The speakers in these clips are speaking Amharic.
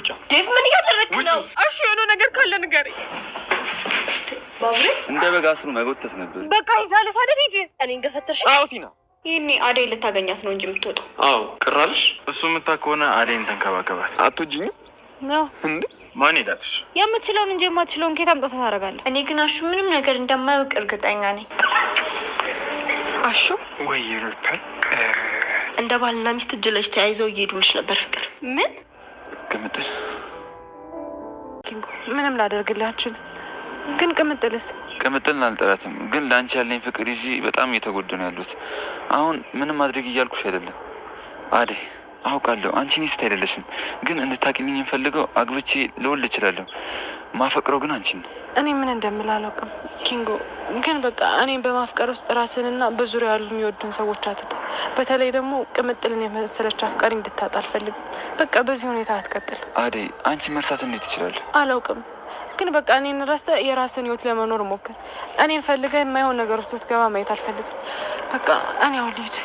ውጭ። ዴቭ ምን እያደረግክ ነው? እሺ የሆነ ነገር ካለ ንገረኝ። ባቡሬ እንደ በግ አስሮ መጎተት ነበር። በቃ ይዛለሽ አይደል? ሂጂ። እኔን ገፈተርሽ? አዎ ቲና ይህኔ አዴይ ልታገኛት ነው እንጂ የምትወጣው። አዎ ቅራልሽ። እሱ የምታ ከሆነ አዴይን ተንከባከባት። አትወጂኝም እንዴ? ማን ሄዳልሽ? የምትችለውን እንጂ የማትችለውን ኬት አምጥተህ ታደርጋለህ? እኔ ግን አሹ ምንም ነገር እንደማያውቅ እርግጠኛ ነኝ። አሹ ወይ ሩታል እንደ ባልና ሚስት እጅ ለእጅ ተያይዘው እየሄዱልሽ ነበር ፍቅር ምን ቅምጥል ምንም ላደርግልህ አልችልም። ግን ቅምጥልስ? ቅምጥልን አልጠላትም፣ ግን ለአንቺ ያለኝ ፍቅር ይዤ በጣም እየተጎዳ ነው ያሉት። አሁን ምንም ማድረግ እያልኩሽ አይደለም አዴ አውቃለሁ አንቺ ሚስት አይደለሽም፣ ግን እንድታቂልኝ የምፈልገው አግብቼ ልወልድ እችላለሁ። ማፈቅረው ግን አንቺን ነው። እኔ ምን እንደምል አላውቅም ኪንጎ፣ ግን በቃ እኔም በማፍቀር ውስጥ ራስንና በዙሪያ ያሉ የሚወዱን ሰዎች አትጣ። በተለይ ደግሞ ቅምጥልን የመሰለች አፍቃሪ እንድታጣ አልፈልግም። በቃ በዚህ ሁኔታ አትቀጥል አዴ፣ አንቺ መርሳት እንዴት ይችላል? አላውቅም ግን በቃ እኔን ረስተህ የራስን ህይወት ለመኖር ሞክር። እኔን ፈልገህ የማይሆን ነገር ውስጥ ስትገባ ማየት አልፈልግም። በቃ እኔ አሁን ልሂድ።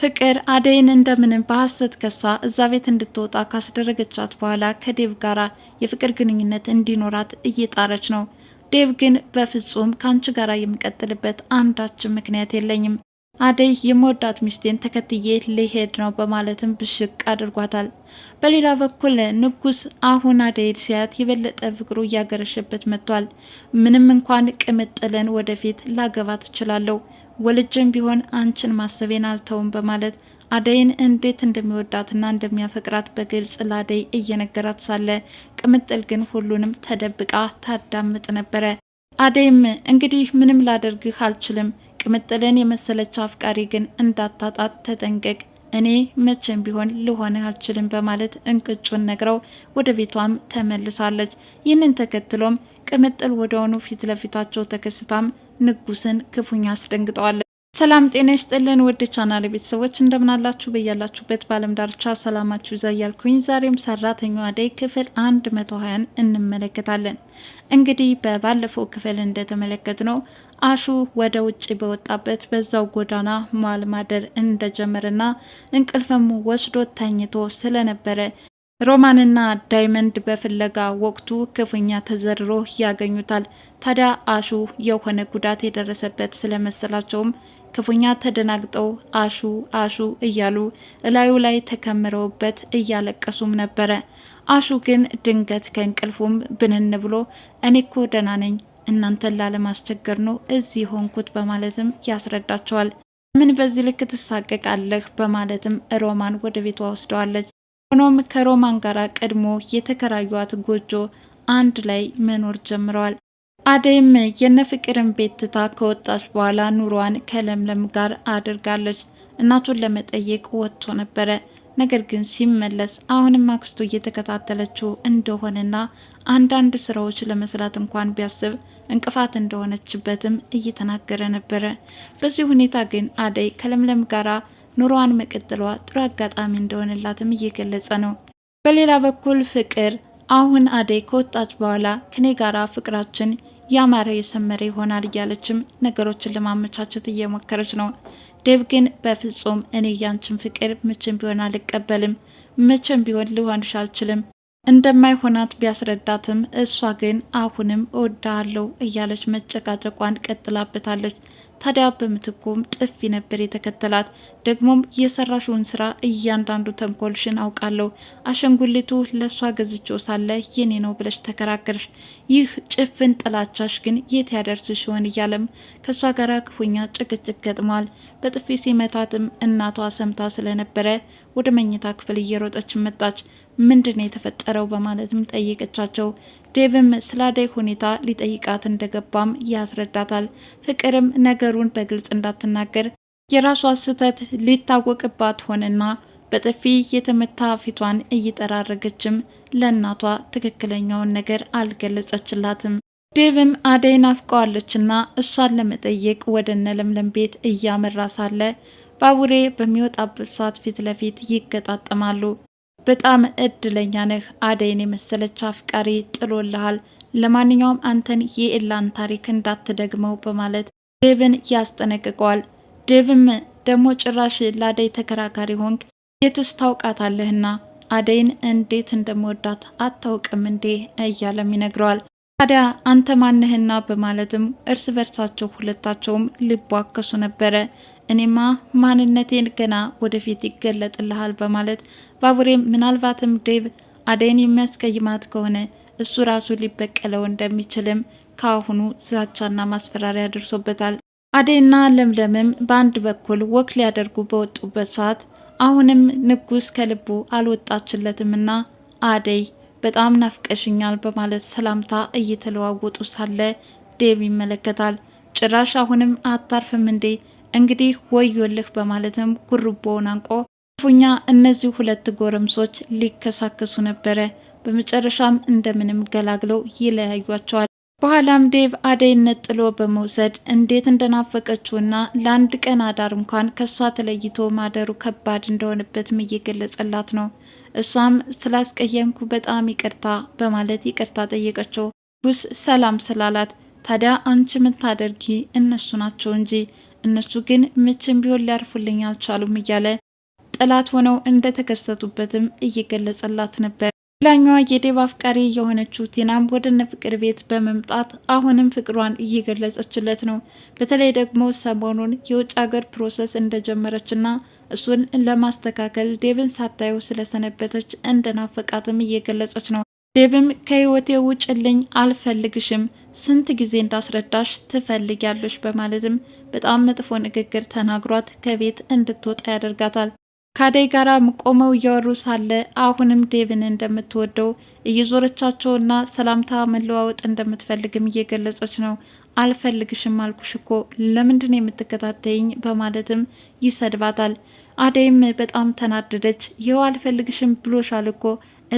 ፍቅር አደይን እንደምንም በሐሰት ከሳ እዛ ቤት እንድትወጣ ካስደረገቻት በኋላ ከዴቭ ጋር የፍቅር ግንኙነት እንዲኖራት እየጣረች ነው። ዴቭ ግን በፍጹም ከአንቺ ጋር የምቀጥልበት አንዳችን ምክንያት የለኝም፣ አደይ የመወዳት ሚስቴን ተከትዬ ሊሄድ ነው በማለትም ብሽቅ አድርጓታል። በሌላ በኩል ንጉስ አሁን አደይ ሲያት የበለጠ ፍቅሩ እያገረሸበት መጥቷል። ምንም እንኳን ቅምጥልን ወደፊት ላገባ ትችላለሁ ወልጅም ቢሆን አንቺን ማሰቤን አልተውም በማለት አደይን እንዴት እንደሚወዳትና እንደሚያፈቅራት በግልጽ ላደይ እየነገራት ሳለ ቅምጥል ግን ሁሉንም ተደብቃ ታዳምጥ ነበረ። አደይም እንግዲህ ምንም ላደርግህ አልችልም፣ ቅምጥልን የመሰለች አፍቃሪ ግን እንዳታጣት ተጠንቀቅ፣ እኔ መቼም ቢሆን ልሆንህ አልችልም በማለት እንቅጩን ነግረው ወደ ቤቷም ተመልሳለች። ይህንን ተከትሎም ቅምጥል ወደሆኑ ፊት ለፊታቸው ተከስታም ንጉስን ክፉኛ አስደንግጠዋለች። ሰላም ጤና ይስጥልን ውድ ቻናል ቤተሰቦች እንደምናላችሁ በያላችሁበት በዓለም ዳርቻ ሰላማችሁ ይብዛ እያልኩኝ ዛሬም ሰራተኛዋ አደይ ክፍል አንድ መቶ እንመለከታለን። እንግዲህ በባለፈው ክፍል እንደተመለከት ነው አሹ ወደ ውጭ በወጣበት በዛው ጎዳና ማልማደር እንደጀመረና እንቅልፍም ወስዶ ተኝቶ ስለነበረ ሮማንና ዳይመንድ በፍለጋ ወቅቱ ክፉኛ ተዘርሮ ያገኙታል። ታዲያ አሹ የሆነ ጉዳት የደረሰበት ስለመሰላቸውም ክፉኛ ተደናግጠው አሹ አሹ እያሉ እላዩ ላይ ተከምረውበት እያለቀሱም ነበረ። አሹ ግን ድንገት ከእንቅልፉም ብንን ብሎ እኔኮ ኮ ደህና ነኝ፣ እናንተን ላለማስቸገር ነው እዚህ ሆንኩት በማለትም ያስረዳቸዋል። ምን በዚህ ልክ ትሳቀቃለህ? በማለትም ሮማን ወደ ቤቷ ወስደዋለች። ሆኖም ከሮማን ጋር ቀድሞ የተከራዩት ጎጆ አንድ ላይ መኖር ጀምረዋል። አደይም የነ ፍቅርን ቤት ትታ ከወጣች በኋላ ኑሯን ከለምለም ጋር አድርጋለች። እናቱን ለመጠየቅ ወጥቶ ነበረ። ነገር ግን ሲመለስ አሁንም አክስቱ እየተከታተለችው እንደሆነና አንዳንድ ስራዎች ለመስራት እንኳን ቢያስብ እንቅፋት እንደሆነችበትም እየተናገረ ነበረ። በዚህ ሁኔታ ግን አደይ ከለምለም ጋራ ኑሮዋን መቀጠሏ ጥሩ አጋጣሚ እንደሆነላትም እየገለጸ ነው። በሌላ በኩል ፍቅር አሁን አደይ ከወጣች በኋላ ከኔ ጋራ ፍቅራችን ያማረ የሰመረ ይሆናል እያለችም ነገሮችን ለማመቻቸት እየሞከረች ነው። ዴብ ግን በፍጹም እኔ ያንችን ፍቅር መቼም ቢሆን አልቀበልም፣ መቼም ቢሆን ልሆንሽ አልችልም እንደማይሆናት ቢያስረዳትም እሷ ግን አሁንም እወዳለሁ እያለች መጨቃጨቋን ቀጥላበታለች። ታዲያ በምትኩም ጥፊ ነበር የተከተላት። ደግሞም የሰራሽውን ስራ እያንዳንዱ ተንኮልሽን አውቃለሁ። አሸንጉሊቱ ለእሷ ገዝቼው ሳለ የኔ ነው ብለሽ ተከራከርሽ። ይህ ጭፍን ጥላቻሽ ግን የት ያደርስሽ ይሆን እያለም ከእሷ ጋር ክፉኛ ጭቅጭቅ ገጥሟል። በጥፊ ሲመታትም እናቷ ሰምታ ስለነበረ ወደ መኝታ ክፍል እየሮጠች መጣች። ምንድን ነው የተፈጠረው በማለትም ጠየቀቻቸው። ዴቭም ስለ አደይ ሁኔታ ሊጠይቃት እንደገባም ያስረዳታል። ፍቅርም ነገሩን በግልጽ እንዳትናገር የራሷ ስህተት ሊታወቅባት ሆነና በጥፊ የተመታ ፊቷን እየጠራረገችም ለእናቷ ትክክለኛውን ነገር አልገለጸችላትም። ዴቭም አደይ ናፍቀዋለችና እሷን ለመጠየቅ ወደ እነ ለምለም ቤት እያመራ ሳለ ባቡሬ በሚወጣበት ሰዓት ፊት ለፊት ይገጣጠማሉ። በጣም እድለኛ ነህ፣ አደይን የመሰለች አፍቃሪ ጥሎልሃል። ለማንኛውም አንተን የኤላን ታሪክ እንዳትደግመው በማለት ዴቭን ያስጠነቅቀዋል። ዴቭም ደግሞ ጭራሽ ለአደይ ተከራካሪ ሆንክ፣ የትስ ታውቃታለህና አደይን እንዴት እንደምወዳት አታውቅም እንዴ እያለም ይነግረዋል። ታዲያ አንተ ማንህና በማለትም እርስ በርሳቸው ሁለታቸውም ሊቧከሱ ነበረ። እኔማ ማንነቴን ገና ወደፊት ይገለጥልሃል በማለት ባቡሬ ምናልባትም ዴቭ አደይን የሚያስቀይማት ከሆነ እሱ ራሱ ሊበቀለው እንደሚችልም ከአሁኑ ዛቻና ማስፈራሪያ ደርሶበታል። አደይና ለምለምም በአንድ በኩል ወክ ሊያደርጉ በወጡበት ሰዓት አሁንም ንጉስ ከልቡ አልወጣችለትምና አደይ በጣም ናፍቀሽኛል በማለት ሰላምታ እየተለዋወጡ ሳለ ዴቭ ይመለከታል። ጭራሽ አሁንም አታርፍም እንዴ እንግዲህ ወዮልህ በማለትም ጉርቦውን አንቆ ክፉኛ እነዚህ ሁለት ጎረምሶች ሊከሳከሱ ነበረ። በመጨረሻም እንደምንም ገላግለው ይለያዩቸዋል። በኋላም ዴቭ አደይን ነጥሎ በመውሰድ እንዴት እንደናፈቀችውና ለአንድ ቀን አዳር እንኳን ከእሷ ተለይቶ ማደሩ ከባድ እንደሆነበትም እየገለጸላት ነው። እሷም ስላስቀየምኩ በጣም ይቅርታ በማለት ይቅርታ ጠየቀችው። ጉስ ሰላም ስላላት ታዲያ አንቺ ምታደርጊ እነሱ ናቸው እንጂ እነሱ ግን መቼም ቢሆን ሊያርፉልኝ አልቻሉም እያለ ጠላት ሆነው እንደተከሰቱበትም እየገለጸላት ነበር። ሌላኛዋ የዴብ አፍቃሪ የሆነችው ቲናም ወደነ ፍቅር ቤት በመምጣት አሁንም ፍቅሯን እየገለጸችለት ነው። በተለይ ደግሞ ሰሞኑን የውጭ ሀገር ፕሮሰስ እንደጀመረችና እሱን ለማስተካከል ዴብን ሳታየው ስለሰነበተች እንደናፈቃትም እየገለጸች ነው። ዴብም ከህይወቴ ውጭልኝ፣ አልፈልግሽም፣ ስንት ጊዜ እንዳስረዳሽ ትፈልጊያለሽ በማለትም በጣም መጥፎ ንግግር ተናግሯት ከቤት እንድትወጣ ያደርጋታል። ከአደይ ጋር ቆመው እያወሩ ሳለ አሁንም ዴብን እንደምትወደው እየዞረቻቸውና ሰላምታ መለዋወጥ እንደምትፈልግም እየገለጸች ነው። አልፈልግሽም አልኩሽ እኮ ለምንድን የምትከታተይኝ? በማለትም ይሰድባታል። አደይም በጣም ተናደደች። ይኸው አልፈልግሽም ብሎሻል እኮ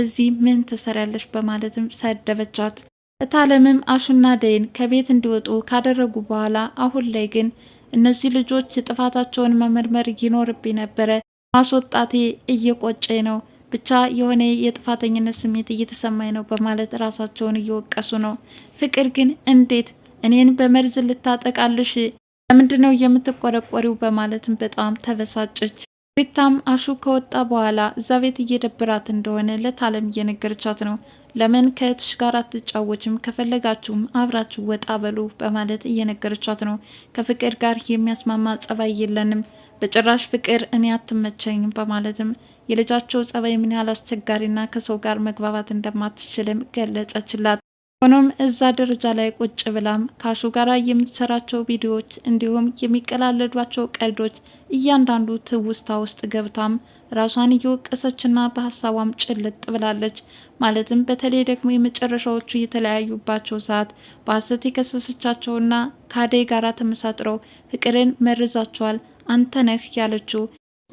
እዚህ ምን ትሰሪያለሽ በማለትም ሰደበቻት። እታለምም አሹና ደይን ከቤት እንዲወጡ ካደረጉ በኋላ አሁን ላይ ግን እነዚህ ልጆች ጥፋታቸውን መመርመር ይኖርብኝ ነበረ፣ ማስወጣቴ እየቆጨ ነው፣ ብቻ የሆነ የጥፋተኝነት ስሜት እየተሰማኝ ነው በማለት ራሳቸውን እየወቀሱ ነው። ፍቅር ግን እንዴት እኔን በመርዝ ልታጠቃልሽ ለምንድነው የምትቆረቆሪው? በማለትም በጣም ተበሳጨች። ቤታም አሹ ከወጣ በኋላ እዛ ቤት እየደብራት እንደሆነ ለታለም እየነገረቻት ነው። ለምን ከእህትሽ ጋር አትጫወችም? ከፈለጋችሁም አብራችሁ ወጣ በሉ በማለት እየነገረቻት ነው። ከፍቅር ጋር የሚያስማማ ጸባይ የለንም፣ በጭራሽ ፍቅር እኔ አትመቸኝም በማለትም የልጃቸው ጸባይ ምን ያህል አስቸጋሪና ከሰው ጋር መግባባት እንደማትችልም ገለጸችላት። ሆኖም እዛ ደረጃ ላይ ቁጭ ብላም ካሹ ጋር የምትሰራቸው ቪዲዮዎች እንዲሁም የሚቀላለዷቸው ቀልዶች እያንዳንዱ ትውስታ ውስጥ ገብታም ራሷን እየወቀሰችና በሀሳቧም ጭልጥ ብላለች። ማለትም በተለይ ደግሞ የመጨረሻዎቹ የተለያዩባቸው ሰዓት በሀሰት የከሰሰቻቸውና ከአደይ ጋር ተመሳጥረው ፍቅርን መርዛቸዋል አንተ ነህ ያለችው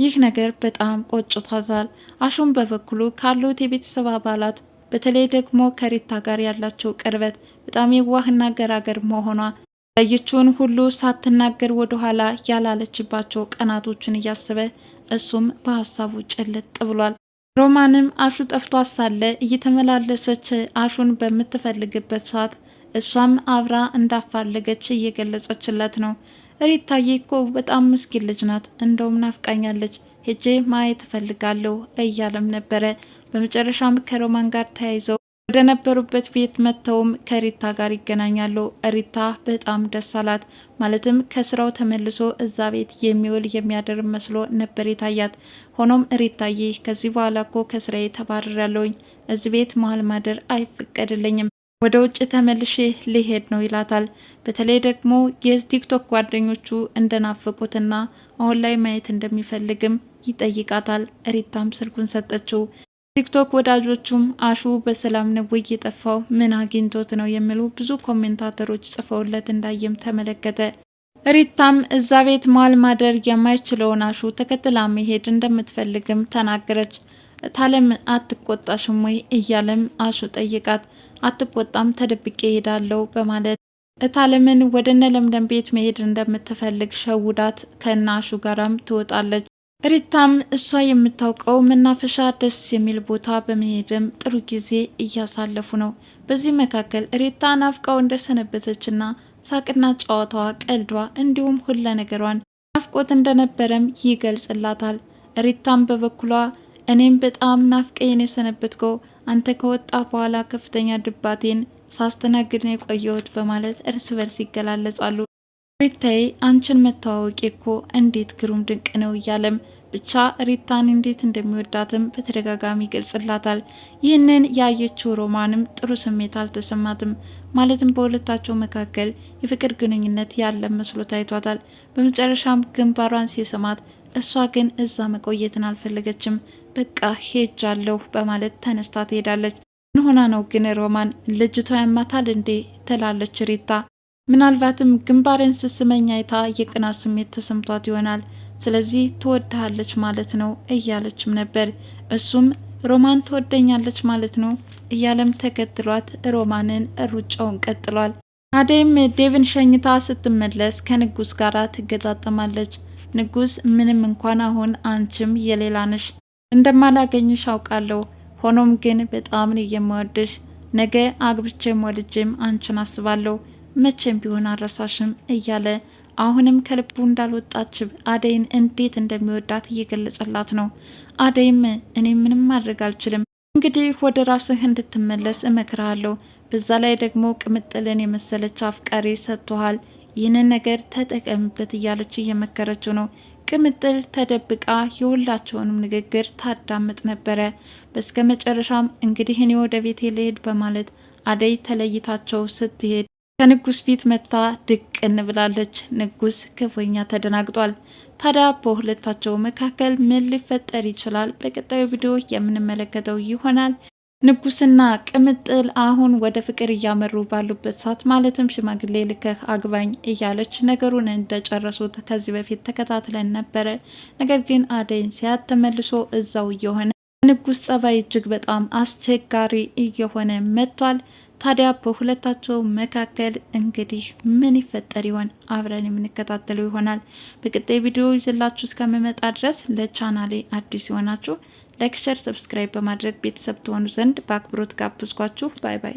ይህ ነገር በጣም ቆጭቷታል። አሹም በበኩሉ ካሉት የቤተሰብ አባላት በተለይ ደግሞ ከሪታ ጋር ያላቸው ቅርበት በጣም የዋህና ገራገር መሆኗ ያየችውን ሁሉ ሳትናገር ወደኋላ ያላለችባቸው ቀናቶችን እያሰበ እሱም በሀሳቡ ጭልጥ ብሏል። ሮማንም አሹ ጠፍቶ ሳለ እየተመላለሰች አሹን በምትፈልግበት ሰዓት እሷም አብራ እንዳፋለገች እየገለጸችለት ነው። ሪታዬ እኮ በጣም ምስኪን ልጅ ናት፣ እንደውም ናፍቃኛለች ሄጄ ማየት እፈልጋለሁ እያለም ነበረ። በመጨረሻም ከሮማን ጋር ተያይዘው ወደ ነበሩበት ቤት መጥተውም ከሪታ ጋር ይገናኛሉ። ሪታ በጣም ደስ አላት። ማለትም ከስራው ተመልሶ እዛ ቤት የሚውል የሚያደር መስሎ ነበር የታያት። ሆኖም ሪታዬ ከዚህ በኋላ እኮ ከስራዬ ተባረር ያለውኝ እዚህ ቤት መሀል ማደር አይፈቀድልኝም ወደ ውጭ ተመልሼ ሊሄድ ነው ይላታል። በተለይ ደግሞ የቲክቶክ ጓደኞቹ እንደናፈቁትና አሁን ላይ ማየት እንደሚፈልግም ይጠይቃታል። ሪታም ስልኩን ሰጠችው። ቲክቶክ ወዳጆቹም አሹ በሰላም ነው የጠፋው ምን አግኝቶት ነው የሚሉ ብዙ ኮሜንታተሮች ጽፈውለት እንዳየም ተመለከተ። ሪታም እዛ ቤት መዋል ማደር የማይችለውን አሹ ተከትላ መሄድ እንደምትፈልግም ተናገረች። ታለም አትቆጣሽም ወይ እያለም አሹ ጠይቃት አትቆጣም፣ ተደብቄ እሄዳለሁ በማለት እታለምን ወደ እነ ለምለም ቤት መሄድ እንደምትፈልግ ሸውዳት ከናሹ ጋራም ትወጣለች። ሪታም እሷ የምታውቀው መናፈሻ ደስ የሚል ቦታ በመሄድም ጥሩ ጊዜ እያሳለፉ ነው። በዚህ መካከል ሪታ ናፍቃው እንደሰነበተችና ሳቅና ጨዋታዋ፣ ቀልዷ እንዲሁም ሁለ ነገሯን ናፍቆት እንደነበረም ይገልጽላታል። ሪታም በበኩሏ እኔም በጣም ናፍቀኝ የሰነበትከው አንተ ከወጣ በኋላ ከፍተኛ ድባቴን ሳስተናግድ ነው የቆየሁት በማለት እርስ በርስ ይገላለጻሉ። ሪታዬ አንቺን መተዋወቂ እኮ እንዴት ግሩም ድንቅ ነው እያለም ብቻ ሪታን እንዴት እንደሚወዳትም በተደጋጋሚ ይገልጽላታል። ይህንን ያየችው ሮማንም ጥሩ ስሜት አልተሰማትም። ማለትም በሁለታቸው መካከል የፍቅር ግንኙነት ያለ መስሎ ታይቷታል። በመጨረሻም ግንባሯን ሲስማት እሷ ግን እዛ መቆየትን አልፈለገችም። በቃ ሄጃለሁ በማለት ተነስታ ትሄዳለች። ምን ሆና ነው ግን ሮማን ልጅቷ ያማታል እንዴ ትላለች ሪታ። ምናልባትም ግንባሬን ስስመኝ አይታ የቅናት ስሜት ተሰምቷት ይሆናል። ስለዚህ ትወድሃለች ማለት ነው እያለችም ነበር። እሱም ሮማን ትወደኛለች ማለት ነው እያለም ተከትሏት ሮማንን ሩጫውን ቀጥሏል። አደይም ዴቭን ሸኝታ ስትመለስ ከንጉስ ጋር ትገጣጠማለች። ንጉስ ምንም እንኳን አሁን አንቺም የሌላንሽ እንደማላገኝሽ አውቃለሁ። ሆኖም ግን በጣም ነው የምወድሽ። ነገ አግብቼም ወልጄም አንቺን አስባለሁ። መቼም ቢሆን አረሳሽም እያለ አሁንም ከልቡ እንዳልወጣችብ አደይን እንዴት እንደሚወዳት እየገለጸላት ነው። አደይም እኔ ምንም ማድረግ አልችልም፣ እንግዲህ ወደ ራስህ እንድትመለስ እመክርሃለሁ። በዛ ላይ ደግሞ ቅምጥልን የመሰለች አፍቃሪ ሰጥቶሃል። ይህንን ነገር ተጠቀምበት እያለች እየመከረችው ነው። ቅምጥል ተደብቃ የሁላቸውንም ንግግር ታዳምጥ ነበረ። በስከ መጨረሻም እንግዲህ እኔ ወደ ቤቴ ልሄድ በማለት አደይ ተለይታቸው ስትሄድ ከንጉስ ፊት መታ ድቅን ብላለች። ንጉስ ክፉኛ ተደናግጧል። ታዲያ በሁለታቸው መካከል ምን ሊፈጠር ይችላል? በቀጣዩ ቪዲዮ የምንመለከተው ይሆናል። ንጉስና ቅምጥል አሁን ወደ ፍቅር እያመሩ ባሉበት ሰዓት ማለትም ሽማግሌ ልከህ አግባኝ እያለች ነገሩን እንደጨረሱት ከዚህ በፊት ተከታትለን ነበረ። ነገር ግን አደይን ሲያት ተመልሶ እዛው እየሆነ ንጉስ ጸባይ እጅግ በጣም አስቸጋሪ እየሆነ መጥቷል። ታዲያ በሁለታቸው መካከል እንግዲህ ምን ይፈጠር ይሆን? አብረን የምንከታተለው ይሆናል። በቀጣይ ቪዲዮ ይዘላችሁ እስከምመጣ ድረስ ለቻናሌ አዲስ ይሆናችሁ ላይክ፣ ሸር፣ ሰብስክራይብ በማድረግ ቤተሰብ ትሆኑ ዘንድ በአክብሮት ጋብዝኳችሁ። ባይ ባይ።